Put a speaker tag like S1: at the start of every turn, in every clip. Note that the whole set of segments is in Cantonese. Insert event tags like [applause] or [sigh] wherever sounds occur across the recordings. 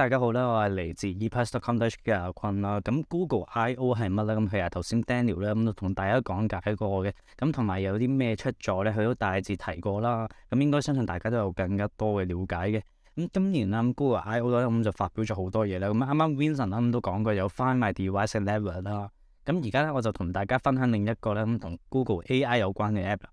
S1: 大家好啦，我係嚟自 eprice.com.hk 嘅阿坤啦。咁 Google I O 係乜咧？咁佢係頭先 Daniel 咧咁同大家講解過嘅，咁同埋有啲咩出咗咧？佢都大致提過啦。咁應該相信大家都有更加多嘅了解嘅。咁今年啦，Google I O 咧咁就發表咗好多嘢啦。咁啱啱 Vincent 啱都講過有 Find My Device Level 啦。咁而家咧我就同大家分享另一個咧咁同 Google AI 有關嘅 app。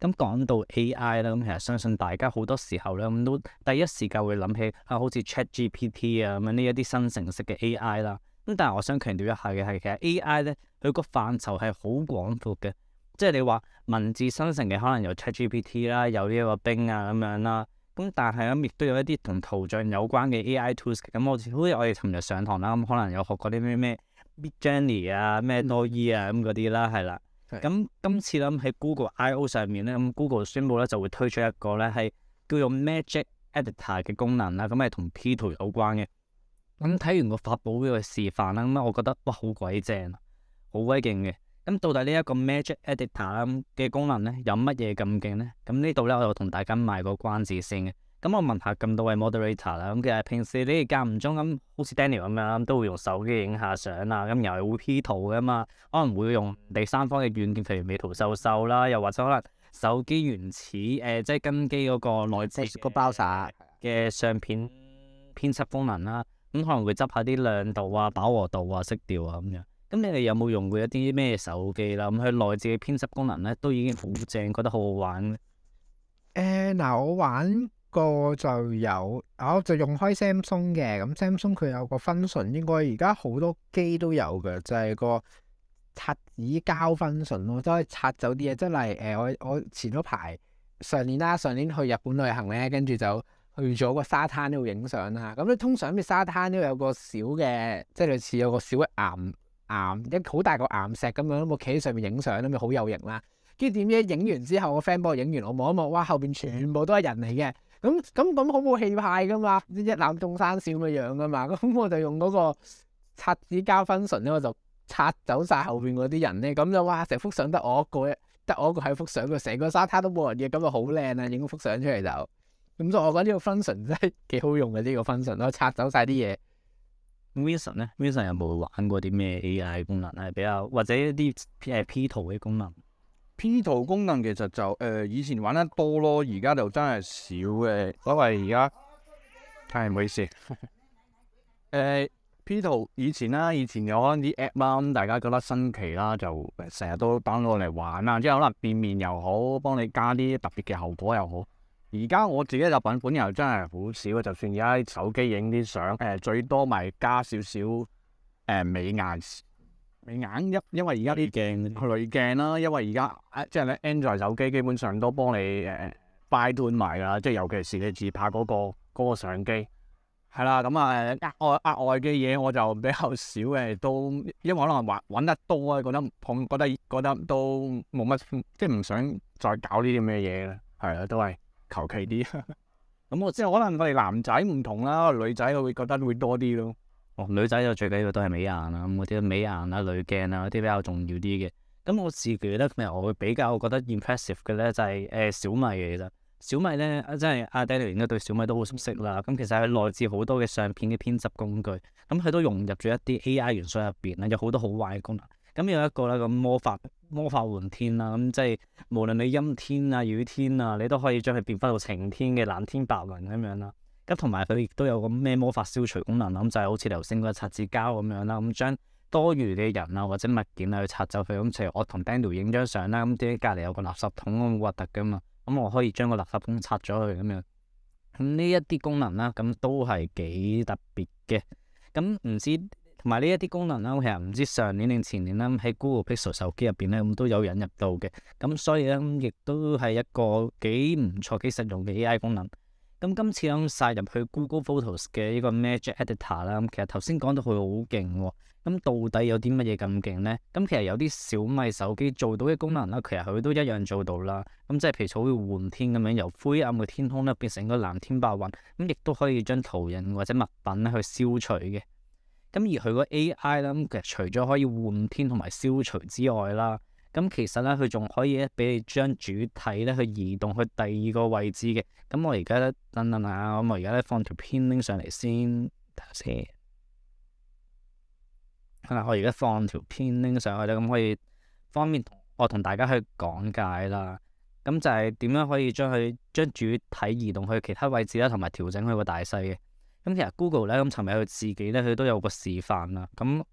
S1: 咁講到 AI 啦，咁其實相信大家好多時候咧，咁都第一時間會諗起啊，好似 ChatGPT 啊咁樣呢一啲生成式嘅 AI 啦。咁但係我想強調一下嘅係，其實 AI 咧佢個範疇係好廣闊嘅，即係你話文字生成嘅可能有 ChatGPT 啦，有呢個冰啊咁樣啦。咁但係咁亦都有一啲同圖像有關嘅 AI tools。咁好似好似我哋尋日上堂啦，咁可能有學過啲咩咩 MidJourney 啊、咩 Noi、er、啊咁嗰啲啦，係啦。咁今次啦喺 Google I/O 上面咧，咁 Google 宣布咧就會推出一個咧係叫做 Magic Editor 嘅功能啦，咁係同 P 圖有關嘅。咁睇完個發布嘅示範啦，咁我覺得哇好鬼正，好鬼勁嘅。咁到底呢一個 Magic Editor 咧嘅功能咧有乜嘢咁勁咧？咁呢度咧我就同大家賣個關子先嘅。咁我問下咁多位 Moderator 啦，咁其實平時你哋間唔中咁，好似 Daniel 咁樣，都會用手機影下相啊，咁又係會 P 圖㗎嘛，可能會用第三方嘅軟件，譬如美圖秀秀啦，又或者可能手機原始誒、呃，即係跟機嗰個內置個包曬嘅相片編輯功能啦，咁可能會執下啲亮度啊、飽和度啊、色調啊咁樣。咁你哋有冇用過一啲咩手機啦？咁佢內置嘅編輯功能咧，都已經好正，覺得好好玩
S2: 嘅。嗱、欸，我玩。個就有，我、哦、就用開 Samsung 嘅，咁 Samsung 佢有個 function，應該而家好多機都有嘅，就係、是、個擦紙膠 function 咯，我都可以擦走啲嘢。即係誒，我我前嗰排上年啦、啊，上年去日本旅行咧，跟住就去咗個沙灘度影相啦。咁、嗯、咧通常啲沙灘都有個小嘅，即係類似有個小嘅岩岩，一個好大個岩石咁樣，我企喺上面影相咧，咪好有型啦。跟住點知影完之後，我 friend 幫我影完，我望一望，哇，後邊全部都係人嚟嘅。咁咁咁好冇氣派噶嘛，一覽眾山小咁嘅樣噶嘛，咁、嗯、我就用嗰個擦紙膠 function 咧，我就刷走晒後邊嗰啲人咧，咁就哇成幅相得我一個，得我一個喺幅相嘅，成個沙灘都冇人嘅，咁就好靚啊，影幅相出嚟就，咁、嗯、以、嗯嗯、我覺得呢個 function 真係幾好用嘅、這個、呢個 function 咯，擦走晒啲嘢。
S1: Vision 咧 Vision 有冇玩過啲咩 AI 功能啊？比較或者一啲 P,、呃、P 圖
S3: 嘅功能？P 圖功能其實就誒、呃、以前玩得多咯，而家就真係少嘅。所謂而家係，唔、哎、好意思。誒、 [laughs] 呃、P 圖以前啦，以前有啲 app 啦，咁大家覺得新奇啦，就成日都 download 嚟玩啦，即係可能變面又好，幫你加啲特別嘅效果又好。而家我自己入版本又真係好少，就算而家手機影啲相，誒、呃、最多咪加少少誒、呃、美顏。你硬一，因為而家啲鏡，佢濾鏡啦，因為而家誒，即係咧 Android 手機基本上都幫你誒掰斷埋噶啦，即係尤其是你自拍嗰、嗰個、嗰個相機，係啦，咁啊，額外額外嘅嘢我就比較少嘅，都因為可能揾揾得多咧，覺得碰覺得覺得都冇乜，即係唔想再搞呢啲咩嘢啦，係啦，都係求其啲，
S1: 咁 [laughs] 我即係可能我哋男仔唔同啦，女仔會覺得會多啲咯。哦，女仔就最緊要都係美顏、嗯、啊，咁嗰啲美顏啊、濾鏡啊嗰啲比較重要啲嘅。咁我自己咧，其實我會比較覺得 impressive 嘅咧，就係、是、誒、呃、小米嘅其實。小米咧，即係阿 Daniel 都對小米都好熟悉啦。咁其實佢內置好多嘅相片嘅編輯工具，咁佢都融入咗一啲 AI 元素入邊啦，有好多好壞嘅功能。咁有一個咧，個魔法魔法換天啦、啊，咁即係無論你陰天啊、雨天啊，你都可以將佢變翻到晴天嘅藍天白雲咁樣啦。咁同埋佢亦都有個咩魔法消除功能啦、嗯，就係、是、好似頭先嗰個擦紙膠咁樣啦，咁、嗯、將多餘嘅人啊或者物件啊去擦走佢，咁譬如我同 Daniel 影張相啦，咁點知隔離有個垃圾桶咁核突㗎嘛，咁、嗯、我可以將個垃圾桶擦咗佢咁樣，咁呢一啲功能啦，咁、嗯、都係幾特別嘅。咁、嗯、唔知同埋呢一啲功能啦，其實唔知上年定前年啦，喺 Google Pixel 手機入邊咧，咁、嗯、都有引入到嘅。咁、嗯、所以咧，亦都係一個幾唔錯、幾實用嘅 AI 功能。咁今次啱曬入去 Google Photos 嘅呢個 Magic Editor 啦，咁其實頭先講到佢好勁喎，咁到底有啲乜嘢咁勁呢？咁其實有啲小米手機做到嘅功能啦，其實佢都一樣做到啦。咁即係譬如好似換天咁樣，由灰暗嘅天空咧變成個藍天白雲，咁亦都可以將途人或者物品咧去消除嘅。咁而佢個 AI 啦，咁其實除咗可以換天同埋消除之外啦。咁其實呢，佢仲可以呢，俾你將主體呢去移動去第二個位置嘅。咁我而家呢，等等下，我而家呢放條片拎上嚟先睇下先。啊、嗯，我而家放條片拎上去呢，咁可以方便我同大家去講解啦。咁就係點樣可以將佢將主體移動去其他位置啦，同埋調整佢個大細嘅。咁、嗯、其實 Google 呢，咁尋日佢自己呢，佢都有個示範啦。咁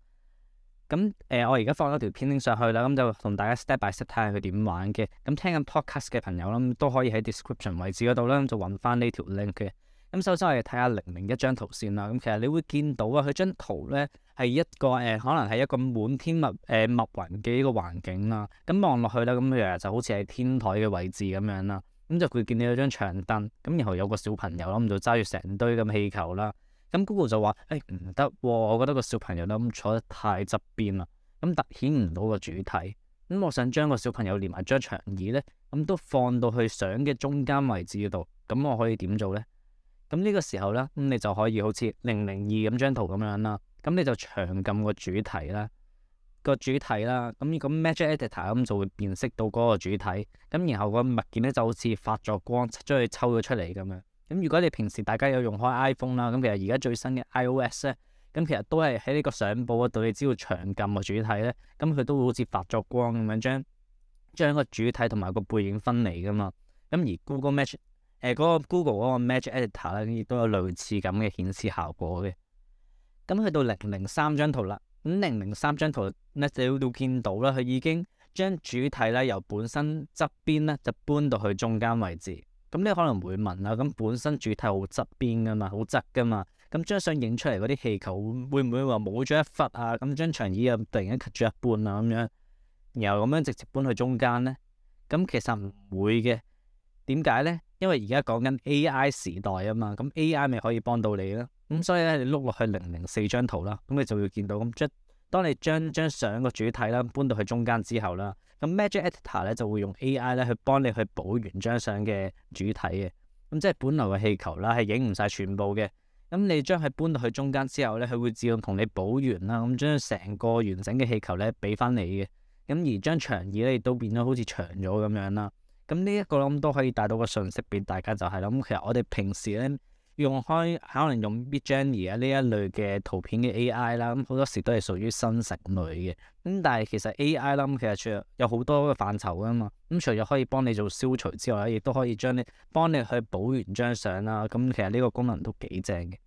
S1: 咁誒、呃，我而家放咗條片拎上去啦，咁就同大家 step by step 睇下佢點玩嘅。咁聽緊 podcast 嘅朋友啦，都可以喺 description 位置嗰度咧，咁就揾翻呢條 link 嘅。咁首先我哋睇下零零一張圖先啦。咁其實你會見到啊，佢張圖咧係一個誒、呃，可能係一個滿天密誒密雲嘅呢個環境啦。咁望落去咧，咁誒就好似喺天台嘅位置咁樣啦。咁就佢見到有張長凳，咁然後有個小朋友啦，咁就揸住成堆咁氣球啦。咁 Google 就話，誒唔得喎，我覺得個小朋友咧，咁坐得太側邊啦，咁突顯唔到個主體。咁我想將個小朋友連埋張長椅咧，咁都放到去相嘅中間位置嗰度。咁我可以點做咧？咁呢個時候咧，咁你就可以好似零零二咁張圖咁樣啦。咁你就長撳個主體啦，個主體啦。咁咁 Magic Editor 咁就會辨識到嗰個主體。咁然後個物件咧就好似發咗光，將佢抽咗出嚟咁樣。咁如果你平時大家有用開 iPhone 啦，咁其實而家最新嘅 iOS 咧，咁其實都係喺呢個相簿嗰、啊、度，你只要長撳個主體咧，咁佢都會好似發咗光咁樣，將將個主體同埋個背影分離噶嘛。咁而 Google Magic 嗰、呃嗰個 Google 嗰個 Magic Editor 咧，亦都有類似咁嘅顯示效果嘅。咁去到零零三張圖啦，咁零零三張圖你都見到啦，佢已經將主體咧由本身側邊咧就搬到去中間位置。咁你可能唔會問啊，咁本身主體好側邊噶嘛，好側噶嘛，咁張相影出嚟嗰啲氣球會唔會話冇咗一忽啊？咁張長椅又突然間 cut 咗一半啊？咁樣，然後咁樣直接搬去中間咧？咁其實唔會嘅，點解咧？因為而家講緊 A I 時代啊嘛，咁 A I 咪可以幫到你囉。咁所以咧，你碌落去零零四張圖啦，咁你就會見到咁張，當你將張相個主體啦，搬到去中間之後啦，咁 Magic Editor 咧，就會用 AI 咧去幫你去補完張相嘅主體嘅。咁即係本來個氣球啦係影唔晒全部嘅，咁你將佢搬到去中間之後咧，佢會自動同你補完啦，咁將成個完整嘅氣球咧俾翻你嘅，咁而張長椅咧亦都變咗好似長咗咁樣啦，咁呢一個咁都可以帶到個訊息俾大家就係、是、啦，咁其實我哋平時咧。用開可能用 MidJourney 啊呢一類嘅圖片嘅 AI 啦，咁好多時都係屬於生成類嘅。咁、嗯、但係其實 AI 啦，咁其實除有好多嘅範疇噶嘛，咁、嗯、除咗可以幫你做消除之外咧，亦都可以將你幫你去補完張相啦。咁、嗯、其實呢個功能都幾正嘅。咁、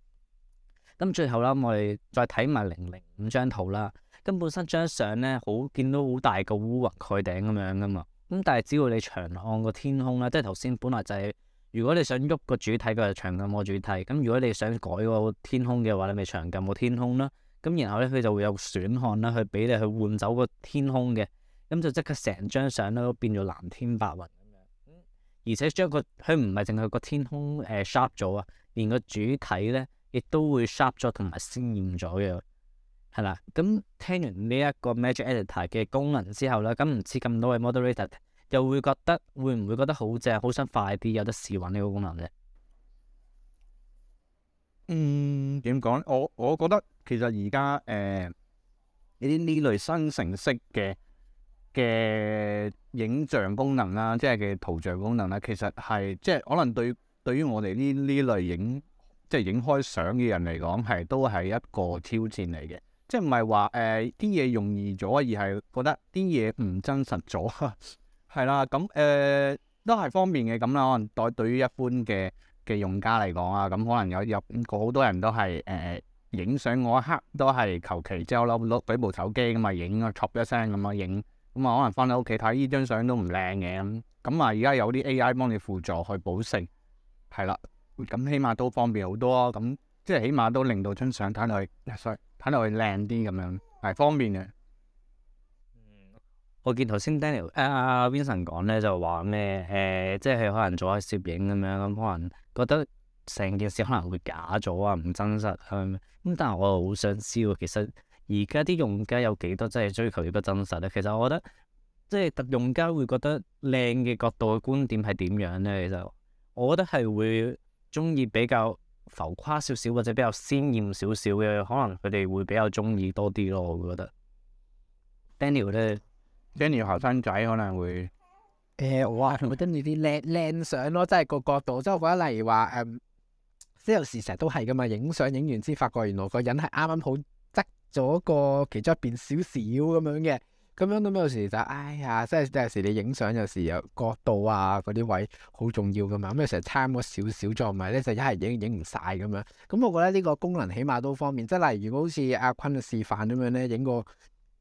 S1: 嗯、最後啦，嗯、我哋再睇埋零零五張圖啦。咁、嗯、本身張相咧，好見到好大個烏雲蓋頂咁樣噶嘛。咁、嗯、但係只要你長按個天空啦，即係頭先本來就係、是。如果你想喐個主體，佢就長撳個主體；咁如果你想改個天空嘅話，你咪長撳個天空啦。咁然後咧，佢就會有選項啦，去俾你去換走個天空嘅。咁就即刻成張相咧都變咗藍天白雲咁樣。而且將、個佢唔係淨係個天空誒 sharp 咗啊，連個主體咧亦都會 sharp 咗同埋鮮豔咗嘅。係啦，咁聽完呢一個 Magic Editor 嘅功能之後咧，咁唔知咁多位 Moderator。就會覺得會唔會覺得好正，好想快啲有得試玩呢個功能啫。
S3: 嗯，
S1: 點講咧？我我覺得其實而
S3: 家誒呢啲呢類新程式嘅嘅影像功能啦，即係嘅圖像功能啦，其實係即係可能對對於我哋呢呢類影即係影開相嘅人嚟講，係都係一個挑戰嚟嘅。即係唔係話誒啲嘢容易咗，而係覺得啲嘢唔真實咗。 [laughs] 係啦，咁誒、呃、都係方便嘅，咁啦，可能對對於一般嘅嘅用家嚟講啊，咁可能有有好多人都係誒影相，嗰、呃、一刻都係求其之後攞攞部手機咁啊影，啊，撮一聲咁啊影，咁啊可能翻到屋企睇呢張相都唔靚嘅，咁啊而家有啲 AI 幫你輔助去補成，係啦，咁起碼都方便好多啊。咁即係起碼都令到張相睇落去睇
S1: 落去靚啲咁樣，係方便嘅。我見頭先 Daniel 誒、啊、阿 Vincent 講咧就話咩誒，即係可能做下攝影咁樣咁，可能覺得成件事可能會假咗啊，唔真實係咪？咁。但係我好想知喎，其實而家啲用家有幾多真係追求呢個真實咧？其實我覺得即係特用家會覺得靚嘅角度嘅觀點係點樣咧？其實我覺得係會中意比較浮誇少少或者比較鮮豔少少嘅，可能佢哋會比較中意多啲咯。我覺得 Daniel 咧。跟住你後生仔可能會，
S2: 誒我啊，我覺得啲靚靚相咯，即係個角度。即係我覺得，例如話誒、嗯，即有時成日都係噶嘛，影相影完先發覺原來個人係啱啱好側咗個其中一邊少少咁樣嘅。咁樣咁有時就哎呀，即係有時你影相有時又角度啊嗰啲位好重要噶嘛。咁你成日差咗少少再唔係咧，就一係影影唔晒咁樣。咁我覺得呢個功能起碼都方便。即係例如如果好似阿坤嘅示範咁樣咧，影個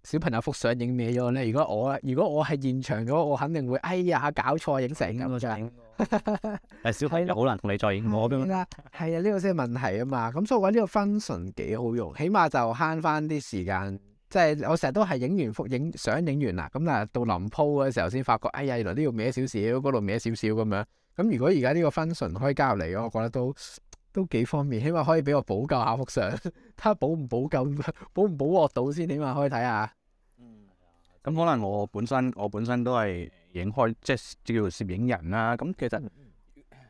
S2: 小朋友幅相影歪咗咧，如果我，如果我係現場嘅話，我肯定會，哎呀搞錯影成咁我就
S1: 啊！ [laughs] 小朋友好難同你再影，是我咁樣係啊，
S2: 呢、這個先係問題啊嘛。咁所以我覺得呢個 function 幾好用，起碼就慳翻啲時間。即、就、係、是、我成日都係影完幅影相，影完啦，咁但係到臨 po 嘅時候先發覺，哎呀，原來呢度歪少少，嗰度歪少少咁樣。咁如果而家呢個 function 可以加入嚟，嘅，我覺得都。都幾方便，起碼可以俾我補救下幅相，睇下補唔補救，
S3: 補唔補獲到先。起碼可以睇下、嗯。嗯。咁、嗯、可能我本身我本身都係影開，即係叫做攝影人啦。咁其實呢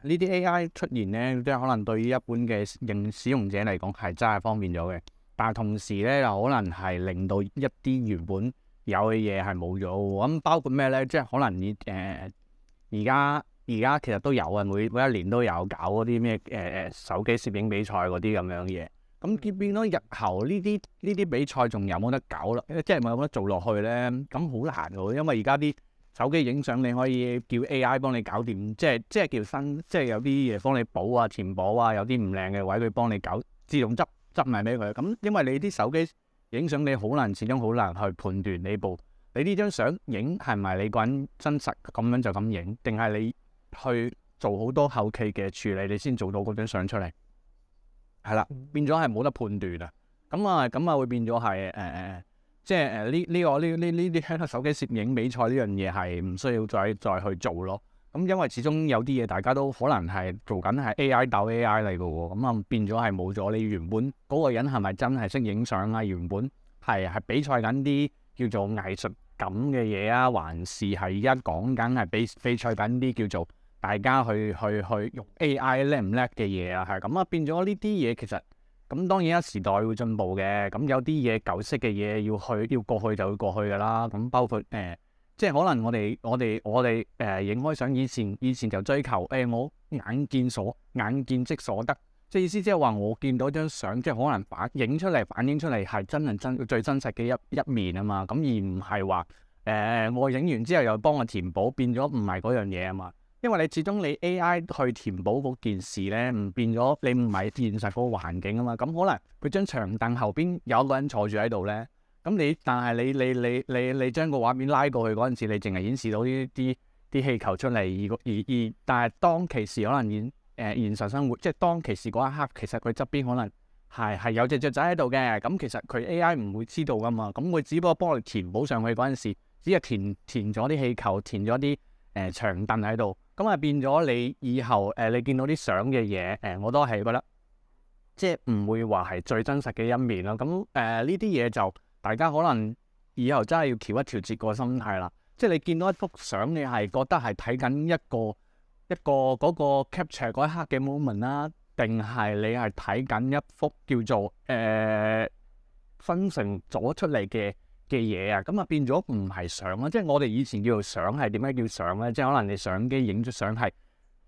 S3: 啲 AI 出現呢，即係可能對於一般嘅認使用者嚟講係真係方便咗嘅。但係同時呢，又可能係令到一啲原本有嘅嘢係冇咗。咁包括咩呢？即係可能你誒而家。呃而家其實都有啊，每每一年都有搞嗰啲咩誒誒手機攝影比賽嗰啲咁樣嘢。咁變變到日後呢啲呢啲比賽仲有冇得搞啦？即係冇得做落去咧？咁好難喎，因為而家啲手機影相你可以叫 AI 幫你搞掂，即係即係叫新，即係有啲嘢幫你補啊、填補啊，有啲唔靚嘅位佢幫你搞自動執執埋俾佢。咁因為你啲手機影相你好難，始終好難去判斷你部你呢張相影係咪你個人真實咁樣就咁影，定係你？去做好多後期嘅處理，你先做到嗰張相出嚟，係啦，變咗係冇得判斷啊！咁啊，咁啊，會變咗係誒誒，即係誒呢呢個呢呢呢啲手機攝影比賽呢樣嘢係唔需要再再去做咯。咁、嗯、因為始終有啲嘢大家都可能係做緊係 AI 鬥 AI 嚟嘅喎，咁、嗯、啊變咗係冇咗你原本嗰個人係咪真係識影相啊？原本係係比賽緊啲叫做藝術感嘅嘢啊，還是係而家講緊係比比賽緊啲叫做？大家去去去用 AI 叻唔叻嘅嘢啊，係咁啊變咗呢啲嘢，其實咁、嗯、當然啊時代會進步嘅，咁、嗯、有啲嘢舊式嘅嘢要去要過去就會過去噶啦。咁、嗯、包括誒、呃，即係可能我哋我哋我哋誒影開相以前以前就追求誒、呃、我眼見所眼見即所得，即係意思即係話我見到張相即係可能反影出嚟反映出嚟係真係真最真實嘅一一面啊嘛，咁、嗯、而唔係話誒我影完之後又幫我填補變咗唔係嗰樣嘢啊嘛。因為你始終你 A.I. 去填補嗰件事咧，唔變咗你唔係現實嗰個環境啊嘛，咁、嗯、可能佢張長凳後邊有一個人坐住喺度咧，咁、嗯、你但係你你你你你將個畫面拉過去嗰陣時，你淨係顯示到呢啲啲氣球出嚟，而而，而但係當其時可能現誒、呃、現實生活，即係當其時嗰一刻其、嗯，其實佢側邊可能係係有隻雀仔喺度嘅，咁其實佢 A.I. 唔會知道噶嘛，咁、嗯、佢只不過幫你填補上去嗰陣時，只係填填咗啲氣球，填咗啲誒長凳喺度。咁啊，變咗你以後，誒、呃、你見到啲相嘅嘢，誒、呃、我都係覺得，即係唔會話係最真實嘅一面咯。咁誒呢啲嘢就大家可能以後真係要調一調節個心態啦。即係你見到一幅相，你係覺得係睇緊一個一個嗰、嗰個 capture 嗰一刻嘅 moment 啦、啊，定係你係睇緊一幅叫做誒、呃、分成咗出嚟嘅嘅嘢啊，咁啊變咗唔係相啦，即係我哋以前叫做相係點樣叫相咧？即係可能你相機影出相係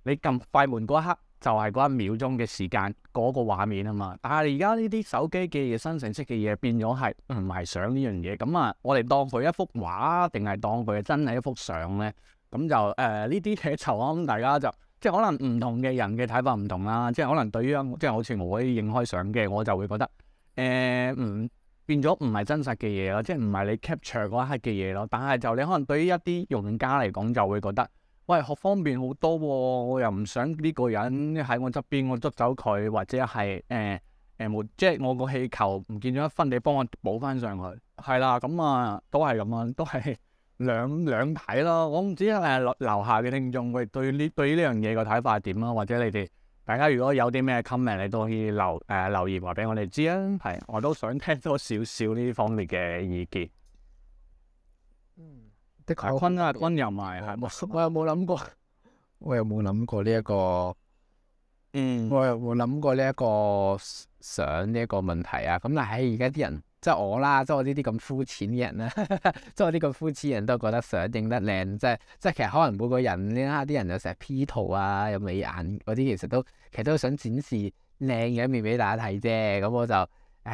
S3: 你撳快門嗰一刻就係、係、嗰一秒鐘嘅時間嗰、嗰個畫面啊嘛，但係而家呢啲手機嘅嘢、新成式嘅嘢變咗係唔係相呢樣嘢？咁、嗯、啊，我哋當佢一幅畫定係當佢真係一幅相咧？咁就誒呢啲嘢就啱大家就即係可能唔同嘅人嘅睇法唔同啦、啊，即係可能對於啊即係好似我影開相嘅，我就會覺得誒、欸、嗯。變咗唔係真實嘅嘢咯，即係唔係你 capture 嗰一刻嘅嘢咯。但係就你可能對於一啲用家嚟講，就會覺得，喂，學方便好多，哦，我又唔想呢個人喺我側邊，我捉走佢，或者係誒誒，即係我個氣球唔見咗一分，你幫我補翻上去。係啦，咁啊，都係咁樣，啊，都係兩兩睇咯。我唔知係樓下嘅聽眾喂，對呢對於呢樣嘢嘅睇法係點啦，或者你哋。大家如果有啲咩 comment，你都可以留誒、呃、留言話俾我哋知啊！係，我都想聽多少少呢方面嘅意見。嗯，的確，坤啊我，坤又埋，係我有冇諗過？
S2: 我有冇諗過呢、呢、一個？呢個、嗯，我有冇諗過呢、呢、一個想呢一個問題啊？咁但係而家啲人。即係我啦，即係我呢啲咁膚淺嘅人啦， [laughs] 即係我呢啲咁膚淺嘅人都覺得相影得靚，就是，即係即係其實可能每個人呢啲人又成日 P 圖啊，有美顏嗰啲，其實都其實都想展示靚嘅一面俾大家睇啫。咁我就誒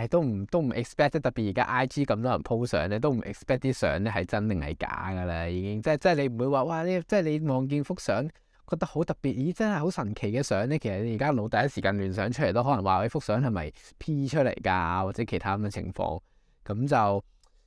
S2: 都唔都唔 expect，特別而家 IG 咁多人 po 相咧，都唔 expect 啲相咧係真定係假㗎啦，已經即係即係你唔會話哇，你即係你望見幅相。覺得好特別，咦！真係好神奇嘅相咧。其實你而家腦第一時間亂想出嚟，都可能話呢幅相係咪 P 出嚟㗎，或者其他咁嘅情況。咁就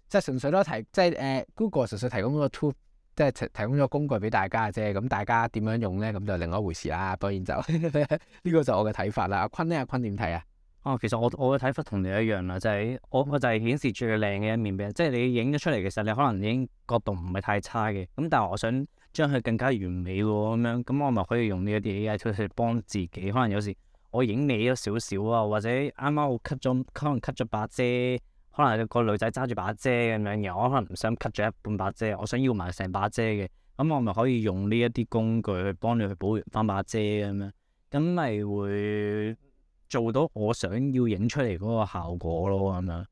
S2: 即係純粹都提，即係誒、呃、Google 純粹提供個 tool，即係提提供咗工具俾大家嘅啫。咁大家點樣用咧？咁就另外一回事啦。當然就呢 [laughs]
S1: 個就我嘅睇法啦。阿坤咧，阿坤點睇啊？哦，其實我我嘅睇法同你一樣啦，就係、是、我我就係顯示最靚嘅一面俾人，即係、嗯、你影咗出嚟，其實你可能已經角度唔係太差嘅。咁但係我想將佢更加完美喎，咁樣咁我咪可以用呢一啲 A.I. tool 嚟幫自己。可能有時我影美咗少少啊，或者啱啱我 cut 咗，可能 cut 咗把遮，可能個女仔揸住把遮咁樣嘅，我可能唔想 cut 咗一半把遮，我想要埋成把遮嘅。咁我咪可以用呢一啲工具去幫你去補完翻把遮咁樣，咁咪會。做到我想要影出嚟嗰個效果咯，咁樣。